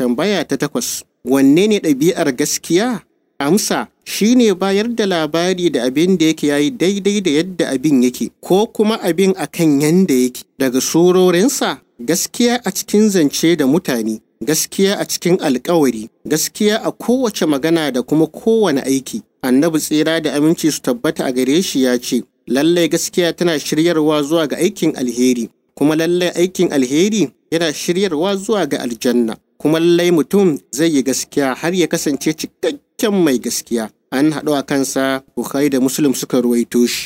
Tambaya ta takwas, wanne ne ɗabi'ar gaskiya? Amsa shi ne bayar da labari da abin da yake yayi daidai da yadda abin yake, ko kuma abin a kan yanda yake, daga surorinsa gaskiya a cikin zance da mutane, gaskiya a cikin alkawari, gaskiya a kowace magana da kuma kowane aiki. Annabi tsira da aminci su tabbata a gare shi ya ce, lallai gaskiya tana shiryarwa zuwa ga aikin alheri, kuma lallai aikin alheri yana shiryarwa zuwa ga aljanna. kuma lallai mutum zai yi gaskiya har ya kasance cikakken mai gaskiya. An haɗu a kansa Bukhari da Muslim suka ruwaito shi.